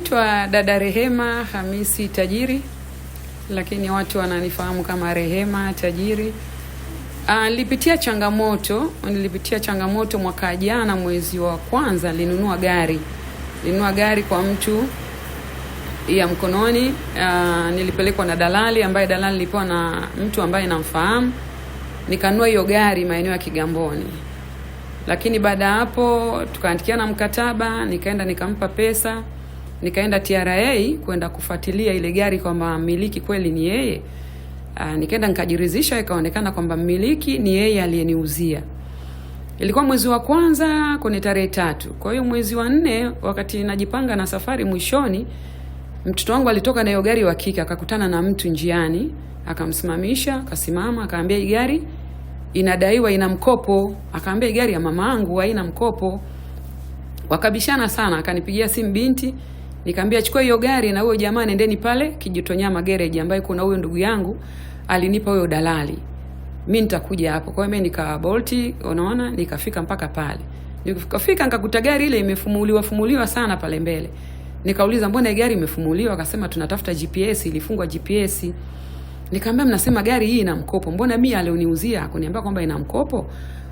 Naitwa dada Rehema Hamisi Tajiri, lakini watu wananifahamu kama Rehema Tajiri. Ah, nilipitia changamoto, nilipitia changamoto mwaka jana mwezi wa kwanza. linunua gari, linunua gari kwa mtu ya mkononi. Aa, ah, nilipelekwa na dalali ambaye dalali nilipewa na mtu ambaye namfahamu, nikanunua hiyo gari maeneo ya Kigamboni lakini baada ya hapo tukaandikiana mkataba, nikaenda nikampa pesa. Nikaenda TRA kwenda kufuatilia ile gari kwamba mmiliki kweli ni yeye. Ah, nikaenda nikajiridhisha, ikaonekana kwamba mmiliki ni yeye aliyeniuzia. Ilikuwa mwezi wa kwanza kwenye tarehe tatu. Kwa hiyo mwezi wa nne, wakati najipanga na safari mwishoni, mtoto wangu alitoka na hiyo gari wa kike, akakutana na mtu njiani, akamsimamisha, akasimama, akaambia hii gari inadaiwa, ina mkopo. Akaambia hii gari ya mama yangu haina mkopo. Wakabishana sana, akanipigia simu binti Nikamwambia chukua hiyo gari na huyo jamaa nendeni pale Kijitonyama garage ambaye kuna huyo ndugu yangu alinipa huyo dalali. Mimi nitakuja hapo. Kwa hiyo mimi nika bolt, unaona, nikafika mpaka pale. Nikafika nikakuta gari ile imefumuliwa fumuliwa sana pale mbele. Nikauliza mbona gari imefumuliwa? Akasema tunatafuta GPS, ilifungwa GPS. Nikamwambia mnasema gari hii ina mkopo. Mbona mimi alioniuzia akuniambia kwamba ina mkopo?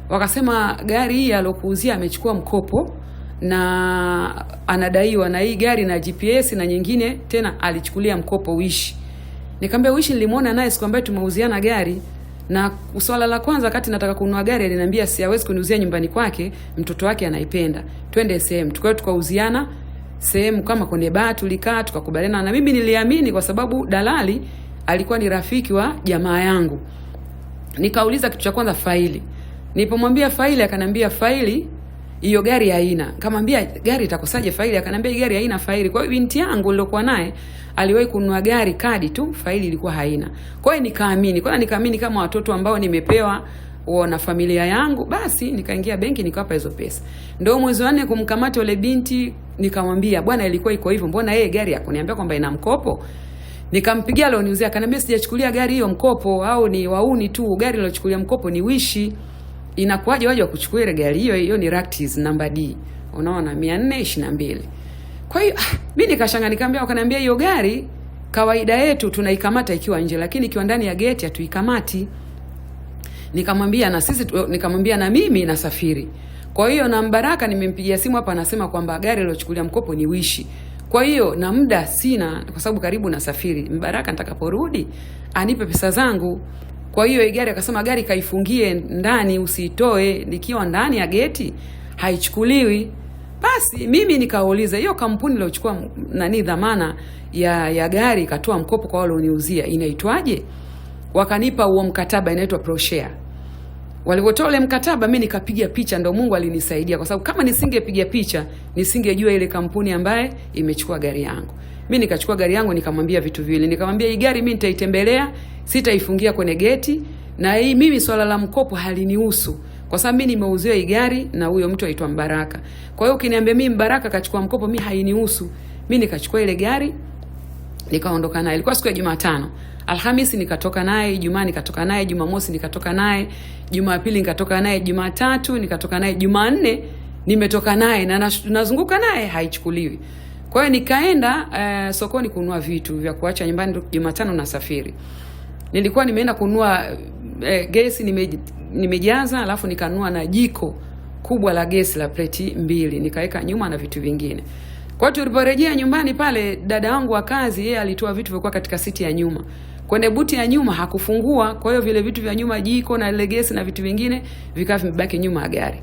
Wakasema gari hii alokuuzia amechukua mkopo na anadaiwa na hii gari na GPS na nyingine tena alichukulia mkopo uishi Nikamwambia uishi nilimwona naye siku ambayo tumeuziana gari na swala la kwanza wakati nataka kununua gari aliniambia si kuniuzia nyumbani kwake, mtoto wake anaipenda. Twende sehemu. Tukao tukauziana sehemu kama kwenye baa tulikaa tukakubaliana na mimi niliamini kwa sababu dalali alikuwa ni rafiki wa jamaa yangu. Nikauliza kitu cha kwanza faili. Nilipomwambia faili, akanambia faili hiyo gari haina. Kamwambia gari itakosaje faili? Akaniambia gari haina faili. Kwa hiyo binti yangu nilikuwa naye aliwahi kununua gari kadi tu, faili ilikuwa haina. Kwa hiyo nikaamini, kwanza nikaamini kama watoto ambao nimepewa na familia yangu, basi nikaingia benki nikawapa hizo pesa. Ndio mwezi wa nne kumkamata yule binti, nikamwambia bwana, ilikuwa iko hivyo, mbona yeye gari akuniambia kwamba ina mkopo? Nikampigia leo niuzia, akaniambia sijachukulia gari hiyo mkopo, au ni wauni tu, gari lilochukulia mkopo ni wishi inakuwaje waje wakuchukua ile gari hiyo hiyo, ni ractis namba D, unaona 422. Kwa hiyo ah, mimi nikashanga nikamwambia, wakaniambia hiyo gari kawaida yetu tunaikamata ikiwa nje, lakini ikiwa ndani ya geti hatuikamati. Nikamwambia na sisi, nikamwambia na mimi nasafiri. Kwa hiyo na Mbaraka nimempigia simu hapa, anasema kwamba gari alilochukulia mkopo ni wishi kwa hiyo na muda sina, kwa sababu karibu nasafiri. Mbaraka nitakaporudi anipe pesa zangu. Kwa hiyo gari akasema, gari kaifungie ndani, usiitoe. Nikiwa ndani ya geti haichukuliwi. Basi mimi nikauliza hiyo kampuni iliochukua nani dhamana ya ya gari ikatoa mkopo kwa wale walioniuzia inaitwaje? Wakanipa huo mkataba, inaitwa Proshare. Walivyotoa ule mkataba, mi nikapiga picha, ndo Mungu alinisaidia, kwa sababu kama nisingepiga picha nisingejua ile kampuni ambaye imechukua gari yangu. mi nikachukua gari yangu, nikamwambia vitu viwili, nikamwambia hii gari mi nitaitembelea sitaifungia kwenye geti, na hii mimi swala la mkopo halinihusu kwa sababu mimi nimeuziwa hii gari na huyo mtu aitwa Mbaraka. Kwa hiyo ukiniambia mimi Mbaraka kachukua mkopo, mimi hainihusu. Mimi nikachukua ile gari nikaondoka naye. Ilikuwa siku ya Jumatano. Alhamisi nikatoka naye, Ijumaa nikatoka naye, Jumamosi nikatoka naye, Jumapili nikatoka naye, Jumatatu nikatoka naye, Jumanne nimetoka naye na nazunguka naye haichukuliwi. Kwa hiyo nikaenda uh, sokoni kununua vitu vya kuacha nyumbani. Jumatano nasafiri nilikuwa nimeenda kunua e, gesi nime, nimejaza alafu nikanua na jiko kubwa la gesi la pleti mbili nikaweka nyuma na vitu vingine. Kwa hiyo tuliporejea nyumbani pale, dada wangu wa kazi yeye alitoa vitu vilikuwa katika siti ya nyuma. Kwenye buti ya nyuma hakufungua, kwa hiyo vile vitu vya nyuma, jiko na lile gesi na vitu vingine vikawa vimebaki nyuma ya gari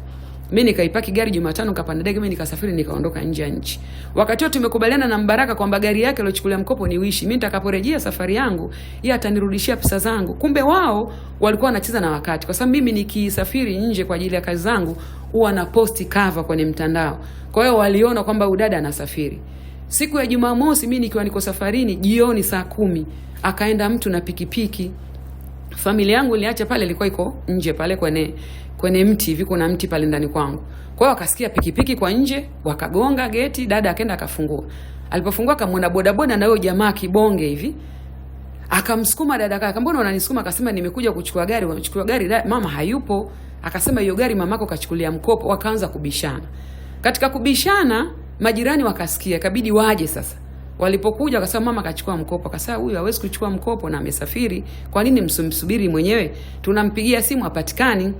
mi nikaipaki gari Jumatano, kapanda dege mi nikasafiri, nikaondoka nje ya nchi. Wakati huo tumekubaliana na Mbaraka kwamba gari yake aliochukulia mkopo ni Wishi, mi nitakaporejea safari yangu yeye atanirudishia pesa zangu. Kumbe wao walikuwa wanacheza na wakati, kwa sababu mimi nikisafiri nje kwa ajili ya kazi zangu huwa na posti kava kwenye mtandao. Kwa hiyo waliona kwamba udada anasafiri. Siku ya Jumamosi mi nikiwa niko safarini jioni saa kumi akaenda mtu na pikipiki. Familia yangu iliacha pale, ilikuwa iko nje pale kwenye kwenye mti hivi, kuna mti pale ndani kwangu. kwao hiyo wakasikia pikipiki kwa nje, wakagonga geti, dada akenda akafungua. Alipofungua akamwona bodaboda na huyo jamaa kibonge hivi, akamsukuma dada kaka, mbona unanisukuma? Akasema nimekuja kuchukua gari. Wanachukua gari, da, mama hayupo. Akasema hiyo gari mamako kachukulia mkopo. Wakaanza kubishana. Katika kubishana, majirani wakasikia, kabidi waje sasa Walipokuja wakasema mama akachukua mkopo. Akasema huyu hawezi kuchukua mkopo na amesafiri, kwa nini msumsubiri mwenyewe? Tunampigia simu apatikani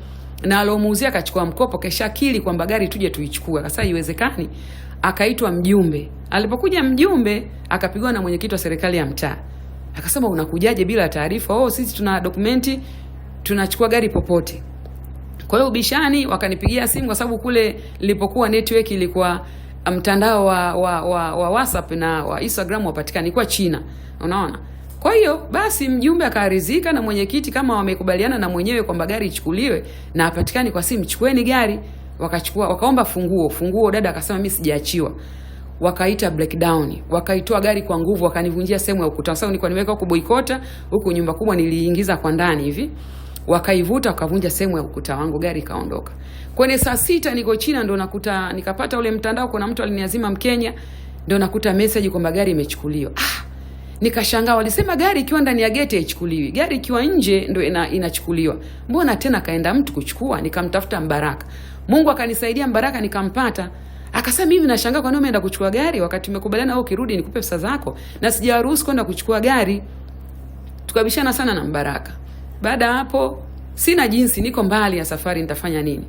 na alomuuzia akachukua mkopo, kesha akili kwamba gari tuje tuichukue, sasa iwezekani Akaitwa mjumbe. Alipokuja mjumbe, akapigwa na mwenyekiti wa serikali ya mtaa, akasema unakujaje bila taarifa? Oh, sisi tuna dokumenti, tunachukua gari popote. Kwa hiyo ubishani, wakanipigia simu kwa sababu kule lipokuwa network ilikuwa um, mtandao wa, wa, wa, wa WhatsApp na wa Instagram wapatikana, ilikuwa China, unaona kwa hiyo basi mjumbe akaridhika na mwenyekiti kama wamekubaliana na mwenyewe kwamba gari ichukuliwe na apatikani kwa simu, chukueni gari. Wakachukua wakaomba funguo, funguo dada akasema mimi sijaachiwa. Wakaita breakdown, wakaitoa gari kwa nguvu, wakanivunjia sehemu ya ukuta. sababu nilikuwa nimeweka huko boikota, huko nyumba kubwa niliingiza kwa ndani hivi. Wakaivuta wakavunja sehemu ya ukuta wangu, gari ikaondoka. Kwenye saa sita niko China ndo nakuta nikapata ule mtandao, kuna mtu aliniazima Mkenya, ndo nakuta message kwamba gari imechukuliwa. Ah, Nikashangaa, walisema gari ikiwa ndani ya geti haichukuliwi, gari ikiwa nje ndo ina, inachukuliwa. Mbona tena kaenda mtu kuchukua? Nikamtafuta Mbaraka, Mungu akanisaidia, Mbaraka nikampata. Akasema mimi nashangaa kwani umeenda kuchukua gari wakati umekubaliana wewe oh, ukirudi nikupe pesa zako na sijawaruhusu kwenda kuchukua gari. Tukabishana sana na Mbaraka. Baada hapo sina jinsi, niko mbali ya safari, nitafanya nini?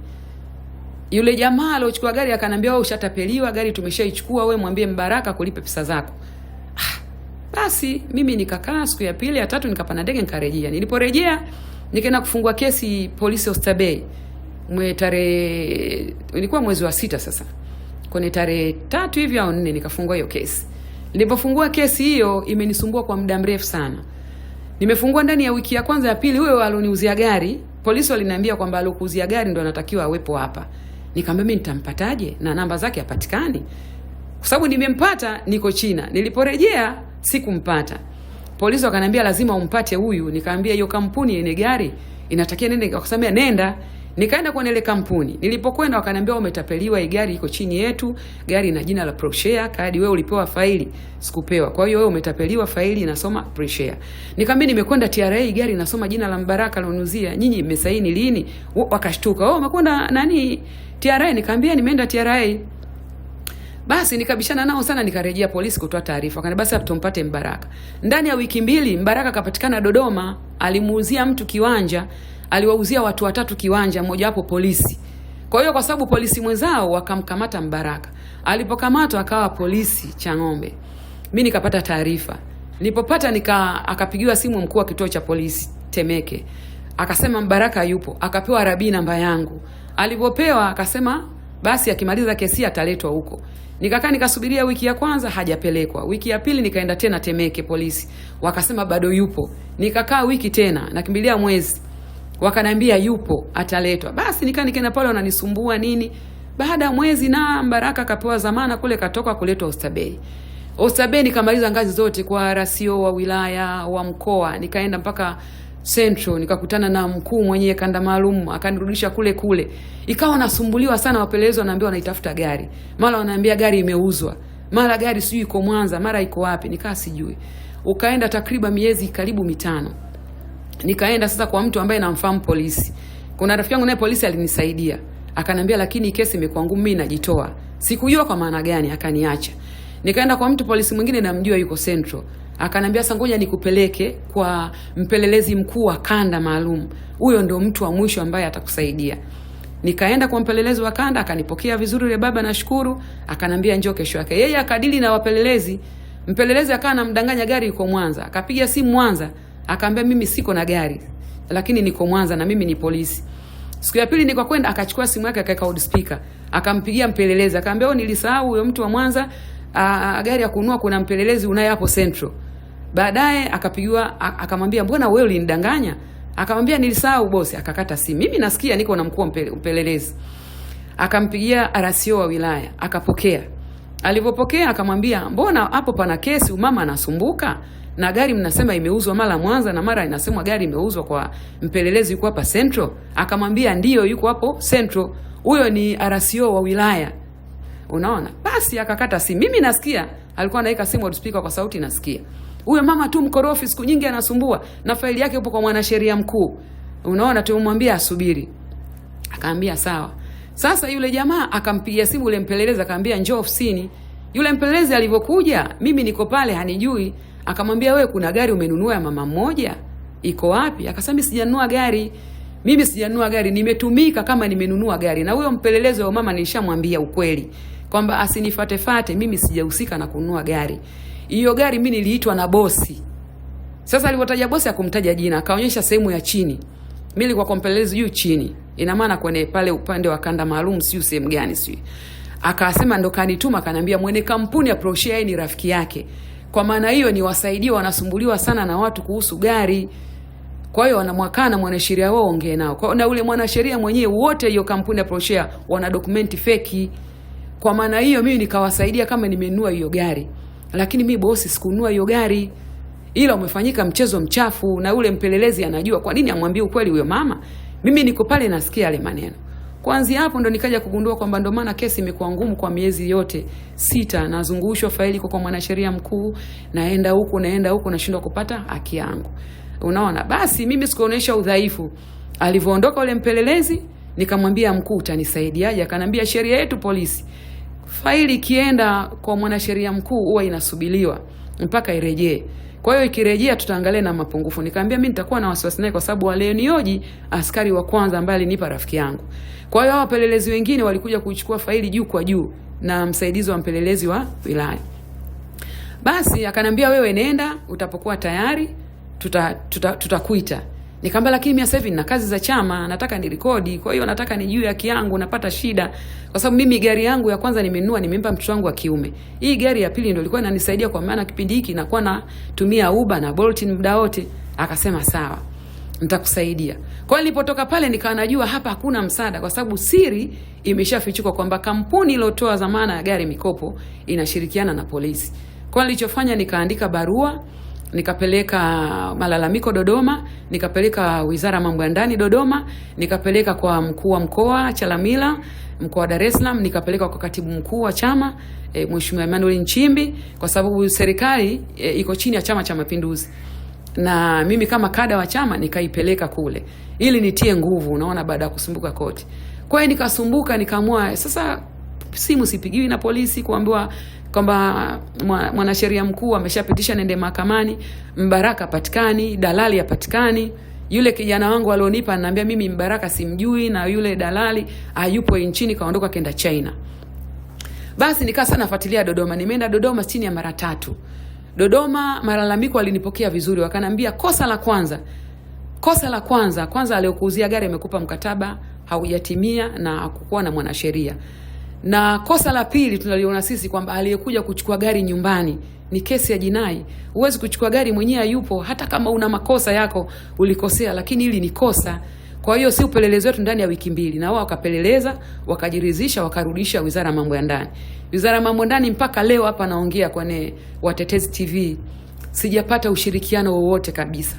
Yule jamaa aliochukua gari akanaambia wewe ushatapeliwa, gari tumeshaichukua, wewe mwambie Mbaraka kulipe pesa zako. Ah, basi mimi nikakaa, siku ya pili ya tatu nikapanda ndege nikarejea. Niliporejea nikaenda kufungua kesi polisi Oysterbay mwe tarehe ilikuwa mwezi wa sita, sasa kwenye tarehe tatu hivi au nne nikafungua hiyo kesi. Nilipofungua kesi hiyo imenisumbua kwa muda mrefu sana. Nimefungua ndani ya wiki ya kwanza ya pili, huyo aloniuzia gari, polisi waliniambia kwamba alokuuzia gari ndo anatakiwa awepo hapa. Nikamwambia mimi nitampataje na namba zake hapatikani. Kwa sababu nimempata niko China. Niliporejea Sikumpata. Polisi wakaniambia lazima umpate huyu. Nikaambia hiyo kampuni ene gari inatakia nende, wakasamia nenda. Nikaenda kwenye ile kampuni. Nilipokwenda wakaniambia umetapeliwa, hii gari iko chini yetu, gari ina jina la Proshare, kadi wewe ulipewa faili, sikupewa. Kwa hiyo wewe umetapeliwa, faili inasoma Proshare. Nikamwambia nimekwenda TRA, hii gari inasoma jina la Mbaraka lonuzia Nyinyi mmesaini lini? Wakashtuka. wewe oh, umekwenda nani? TRA. Nikamwambia nimeenda TRA. Basi nikabishana nao sana, nikarejea polisi kutoa taarifa. Wakaniambia basi tumpate Mbaraka. Ndani ya wiki mbili Mbaraka akapatikana Dodoma, alimuuzia mtu kiwanja, aliwauzia watu watatu kiwanja, mmoja wapo polisi. Kwa hiyo kwa sababu polisi mwenzao wakamkamata Mbaraka. Alipokamatwa akawa polisi cha ng'ombe Mimi nikapata taarifa. Nilipopata nika akapigiwa simu mkuu wa kituo cha polisi Temeke. Akasema Mbaraka yupo, akapewa rabii namba yangu. Alipopewa akasema basi akimaliza kesi ataletwa huko. Nikakaa nikasubiria wiki ya kwanza hajapelekwa. Wiki ya pili nikaenda tena Temeke polisi, wakasema bado yupo. Nikakaa wiki tena, nakimbilia mwezi, wakaniambia yupo, ataletwa. Basi nikaa nikaenda pale, wananisumbua nini. Baada ya mwezi na baraka akapewa zamana kule, katoka kuletwa Oysterbay. Oysterbay nikamaliza ngazi zote kwa rasio wa wilaya wa mkoa, nikaenda mpaka Central nikakutana na mkuu mwenyewe kanda maalum akanirudisha kule kule. Ikawa nasumbuliwa sana, wapelelezi wanaambia wanaitafuta gari, mara wanaambia gari imeuzwa, mara gari sijui iko Mwanza, mara iko wapi, nikaa sijui. Ukaenda takriban miezi karibu mitano, nikaenda sasa kwa mtu ambaye namfahamu polisi. Kuna rafiki yangu naye polisi alinisaidia, akanambia lakini kesi imekuwa ngumu, mi najitoa. Sikujua kwa maana gani, akaniacha. Nikaenda kwa mtu polisi mwingine namjua, yuko Central akanambia sasa, ngoja nikupeleke kwa mpelelezi mkuu wa kanda maalum, huyo ndo mtu wa mwisho ambaye atakusaidia. Nikaenda kwa mpelelezi wa kanda, akanipokea vizuri yule baba, nashukuru. Akanambia njoo kesho yake, yeye akadili na wapelelezi. Mpelelezi akawa namdanganya gari yuko Mwanza, akapiga simu Mwanza, akaambia mimi siko na gari, lakini niko Mwanza na mimi ni polisi. Siku ya pili niko kwenda, akachukua simu yake akaweka loudspeaker, akampigia mpelelezi, akaambia oh, nilisahau huyo mtu wa Mwanza, ah, ah, gari ya kununua, kuna mpelelezi unaye hapo Central. Baadaye akapigiwa akamwambia, mbona wewe ulinidanganya? Akamwambia nilisahau bosi, akakata simu. Mimi nasikia niko na mkuu mpelelezi. Akampigia RCO wa wilaya, akapokea. Alivyopokea akamwambia, mbona hapo pana kesi, umama anasumbuka na gari mnasema imeuzwa mara Mwanza na mara inasemwa gari imeuzwa kwa mpelelezi yuko hapa Central. Akamwambia ndiyo, yuko hapo Central, huyo ni RCO wa wilaya. Unaona, basi akakata simu. Mimi nasikia alikuwa anaweka simu speaker kwa sauti, nasikia huyo mama tu mkorofi, siku nyingi anasumbua, na faili yake upo kwa mwanasheria mkuu. Unaona, tumemwambia asubiri, akaambia sawa. Sasa yule jamaa akampigia simu yule mpelelezi, akaambia njoo ofisini. Yule mpelelezi alivyokuja, mimi niko pale, hanijui. Akamwambia wewe, kuna gari umenunua ya mama mmoja, iko wapi? Akasema sijanunua gari mimi sijanunua gari, nimetumika kama nimenunua gari. Na huyo mpelelezi wa mama nilishamwambia ukweli kwamba asinifatefate, mimi sijahusika na kununua gari hiyo gari mimi niliitwa na bosi. Sasa alipotaja bosi akumtaja jina, akaonyesha sehemu ya chini. Mimi nilikuwa kwa mpelelezi juu chini. Ina maana kwenye pale upande wa kanda maalum siyo sehemu gani siyo. Akasema ndo kanituma kananiambia mwene kampuni approach yeye ni rafiki yake. Kwa maana hiyo ni wasaidia wanasumbuliwa sana na watu kuhusu gari. Kwa hiyo wanamwakana mwanasheria wao ongee nao. Kwa na ule mwanasheria mwenyewe wote hiyo kampuni ya Proshare wana dokumenti feki. Kwa maana hiyo mimi nikawasaidia kama nimenua hiyo gari lakini mi bosi sikununua hiyo gari, ila umefanyika mchezo mchafu, na yule mpelelezi anajua. Kwa nini amwambie ukweli huyo mama? Mimi niko pale nasikia yale maneno. Kuanzia hapo ndo nikaja kugundua kwamba ndo maana kesi imekuwa ngumu kwa miezi yote sita, nazungushwa faili kwa mwanasheria mkuu, naenda huku naenda huku, nashindwa kupata haki yangu. Unaona, basi mimi sikuonesha udhaifu. Alivyoondoka ule mpelelezi, nikamwambia mkuu, utanisaidiaje? Akanambia sheria yetu polisi faili ikienda kwa mwanasheria mkuu huwa inasubiliwa mpaka irejee. Kwa hiyo ikirejea, tutaangalia na mapungufu. Nikamwambia mimi nitakuwa na wasiwasi naye, kwa sababu aliyenioji askari wa kwanza ambaye alinipa rafiki yangu. Kwa hiyo hao wapelelezi wengine walikuja kuchukua faili juu kwa juu na msaidizi wa mpelelezi wa wilaya. Basi akaniambia wewe, nenda, utapokuwa tayari tutakuita tuta, tuta nikamba lakini mia sahivi nina kazi za chama, nataka nirekodi, kwa hiyo nataka nijue haki yangu, napata shida. Kwa sababu mimi gari yangu ya kwanza nimenunua, nimempa mtoto wangu wa kiume. Hii gari ya pili ndo ilikuwa inanisaidia kwa maana kipindi hiki nakuwa natumia uba na Bolt muda wote. Akasema sawa. Nitakusaidia. Kwa nilipotoka pale nikawa najua hapa hakuna msaada kwa sababu siri imeshafichuka kwamba kampuni iliyotoa zamana ya gari mikopo inashirikiana na polisi. Kwa nilichofanya nikaandika barua nikapeleka malalamiko Dodoma, nikapeleka wizara mambo ya ndani Dodoma, nikapeleka kwa mkuu wa mkoa Chalamila mkoa wa Dar es Salaam, nikapeleka kwa katibu mkuu wa chama e, Mheshimiwa emanuel Nchimbi, kwa sababu serikali e, iko chini ya Chama cha Mapinduzi na mimi kama kada wa chama nikaipeleka kule ili nitie nguvu, unaona, baada ya kusumbuka koti. Kwa hiyo nikasumbuka, nikaamua sasa simu sipigiwi na polisi kuambiwa kwamba mwanasheria mkuu ameshapitisha nende mahakamani, Mbaraka hapatikani, dalali apatikani Yule kijana wangu alionipa ananiambia mimi Mbaraka simjui na yule dalali ayupo nchini, kaondoka kenda China. Basi nikaa sana nafuatilia Dodoma, nimeenda Dodoma chini ya mara tatu. Dodoma malalamiko alinipokea vizuri, wakanambia kosa la kwanza kosa la kwanza kwanza, aliokuuzia gari amekupa mkataba haujatimia na akukuwa na mwanasheria. Na kosa la pili tunaliona sisi kwamba aliyekuja kuchukua gari nyumbani ni kesi ya jinai. Huwezi kuchukua gari mwenyewe yupo hata kama una makosa yako ulikosea, lakini hili ni kosa. Kwa hiyo si upelelezi wetu ndani ya wiki mbili, na wao wakapeleleza, wakajiridhisha, wakarudisha wizara ya mambo ya ndani. Wizara ya mambo ya ndani mpaka leo hapa naongea kwenye Watetezi TV sijapata ushirikiano wowote kabisa.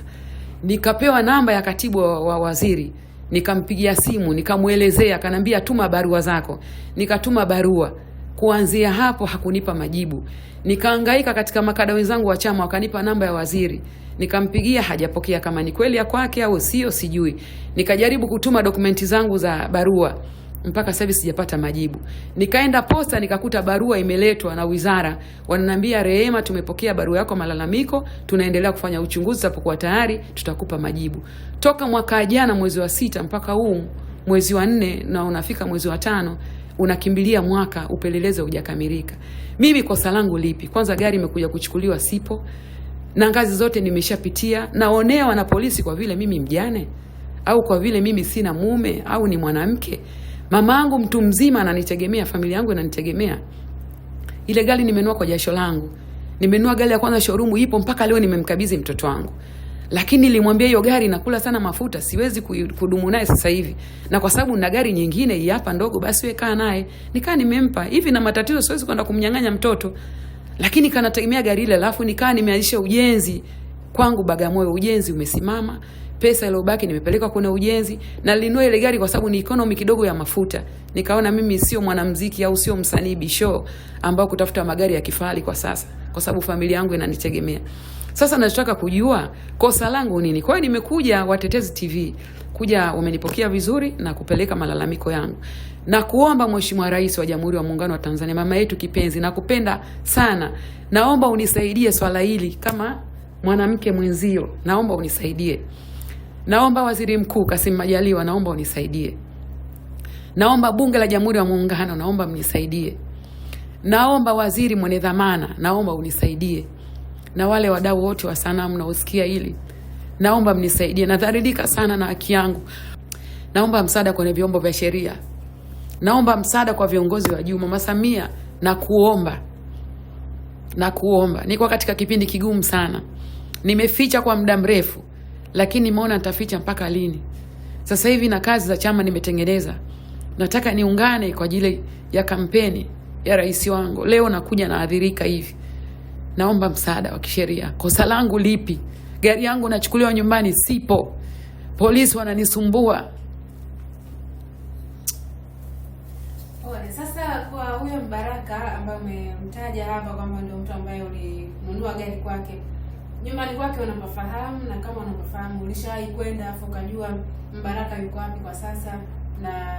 Nikapewa namba ya katibu wa waziri nikampigia simu nikamwelezea, akaniambia tuma barua zako. Nikatuma barua, kuanzia hapo hakunipa majibu. Nikaangaika katika makada wenzangu wa chama, wakanipa namba ya waziri, nikampigia hajapokea, kama ni kweli ya kwake au sio sijui. Nikajaribu kutuma dokumenti zangu za barua mpaka sasa hivi sijapata majibu. Nikaenda posta nikakuta barua imeletwa na wizara, wananiambia Rehema, tumepokea barua yako malalamiko, tunaendelea kufanya uchunguzi, tutapokuwa tayari tutakupa majibu. Toka mwaka jana mwezi wa sita mpaka huu mwezi wa nne na unafika mwezi wa tano unakimbilia mwaka, upelelezi hujakamilika. Mimi kosa langu lipi? Kwanza gari imekuja kuchukuliwa, sipo na ngazi zote nimeshapitia, naonewa na polisi kwa vile mimi mjane, au kwa vile mimi sina mume au ni mwanamke mama mamangu mtu mzima ananitegemea, familia yangu inanitegemea. Ile gari nimenua kwa jasho langu, nimenua gari ya kwanza shorumu ipo mpaka leo, nimemkabidhi mtoto wangu lakini nilimwambia hiyo gari nakula sana mafuta, siwezi kudumu naye sasa hivi, na kwa sababu na gari nyingine hii hapa ndogo, basi wewe kaa naye. Nikaa nimempa hivi, na matatizo siwezi kwenda kumnyang'anya mtoto, lakini kanategemea gari ile. Alafu nikaa nimeanzisha ujenzi kwangu Bagamoyo, ujenzi umesimama pesa iliyobaki nimepeleka kwenye ujenzi, na linua ile gari kwa sababu ni economy kidogo ya mafuta. Nikaona mimi sio mwanamuziki au sio msanii bisho ambao kutafuta magari ya kifahari kwa sasa, kwa sababu familia yangu inanitegemea. Sasa nachotaka kujua kosa langu nini? Kwa hiyo nimekuja Watetezi TV kuja, wamenipokea vizuri na kupeleka malalamiko yangu na kuomba Mheshimiwa Rais wa Jamhuri wa Muungano wa Tanzania, mama yetu kipenzi, nakupenda sana, naomba unisaidie swala hili kama mwanamke mwenzio, naomba unisaidie. Naomba Waziri Mkuu kasim Majaliwa, naomba unisaidie. Naomba Bunge la Jamhuri ya Muungano, naomba mnisaidie. Naomba waziri mwenye dhamana, naomba unisaidie. Na wale wadau wote wa sanaa mnaosikia hili, naomba mnisaidie. nadharidika sana na haki yangu. Naomba msaada kwenye vyombo vya sheria. Naomba msaada kwa viongozi wa juu. Mama Samia, na kuomba na kuomba, niko katika kipindi kigumu sana, nimeficha kwa muda mrefu lakini mbona nitaficha mpaka lini? Sasa hivi na kazi za chama nimetengeneza, nataka niungane kwa ajili ya kampeni ya rais wangu. Leo nakuja naadhirika hivi, naomba msaada wa kisheria. Kosa langu lipi? Gari yangu nachukuliwa nyumbani, sipo, polisi wananisumbua. Sasa kwa huyo Mbaraka ambaye umemtaja hapa kwamba ndio mtu ambaye ulinunua gari kwake nyumbani kwake wanamfahamu, na kama wanamfahamu ulishawahi kwenda afu ukajua Mbaraka yuko wapi kwa sasa, na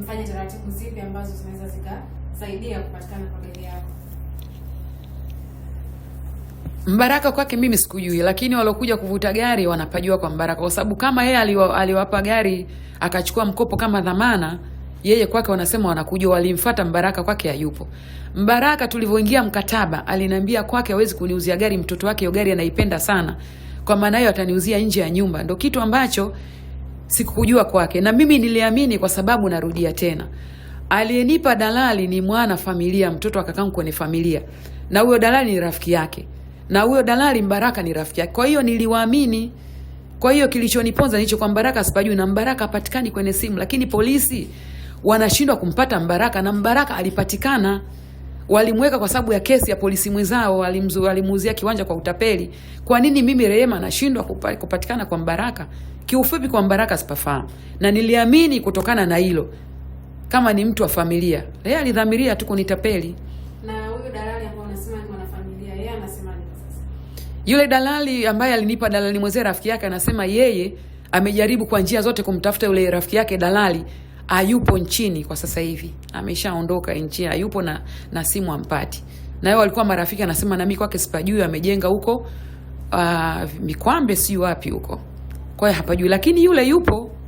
mfanye taratibu zipi ambazo zinaweza zikasaidia kupatikana kwa gari yako. Mbaraka kwake mimi sikujui, lakini waliokuja kuvuta gari wanapajua kwa Mbaraka, kwa sababu kama yeye aliwapa gari akachukua mkopo kama dhamana yeye kwake wanasema wanakuja walimfata Mbaraka, kwake hayupo. Mbaraka tulivyoingia mkataba, aliniambia kwake awezi kuniuzia gari, mtoto wake hiyo gari anaipenda sana, kwa maana hiyo ataniuzia nje ya nyumba. ndo kitu ambacho sikukujua kwake, na mimi niliamini, kwa sababu narudia tena, aliyenipa dalali ni mwana familia, mtoto wa kwenye familia, na huyo dalali ni rafiki yake, na huyo dalali Mbaraka ni rafiki yake, kwa hiyo niliwaamini. Kwa hiyo kilichoniponza nicho kwa Mbaraka sipajui, na Mbaraka hapatikani kwenye simu, lakini polisi wanashindwa kumpata Mbaraka, na Mbaraka alipatikana walimweka kwa sababu ya kesi ya polisi mwenzao walimuuzia kiwanja kwa utapeli. Kwa nini mimi Rehema nashindwa kupatikana kwa Mbaraka? Kiufupi, kwa Mbaraka sipafaa na niliamini kutokana na hilo kama ni mtu wa familia, yeye alidhamiria tu kunitapeli. ni mwanafamilia, Yule dalali ambaye alinipa dalali mwenzee, rafiki yake, anasema yeye amejaribu kwa njia zote kumtafuta yule rafiki yake dalali hayupo nchini kwa sasa hivi, ameshaondoka nchi, hayupo na na simu ampati. Na yeye alikuwa marafiki, anasema mimi kwake sipajui, amejenga huko uh, Mikwambe, si wapi huko, kwa hiyo hapajui, lakini yule yupo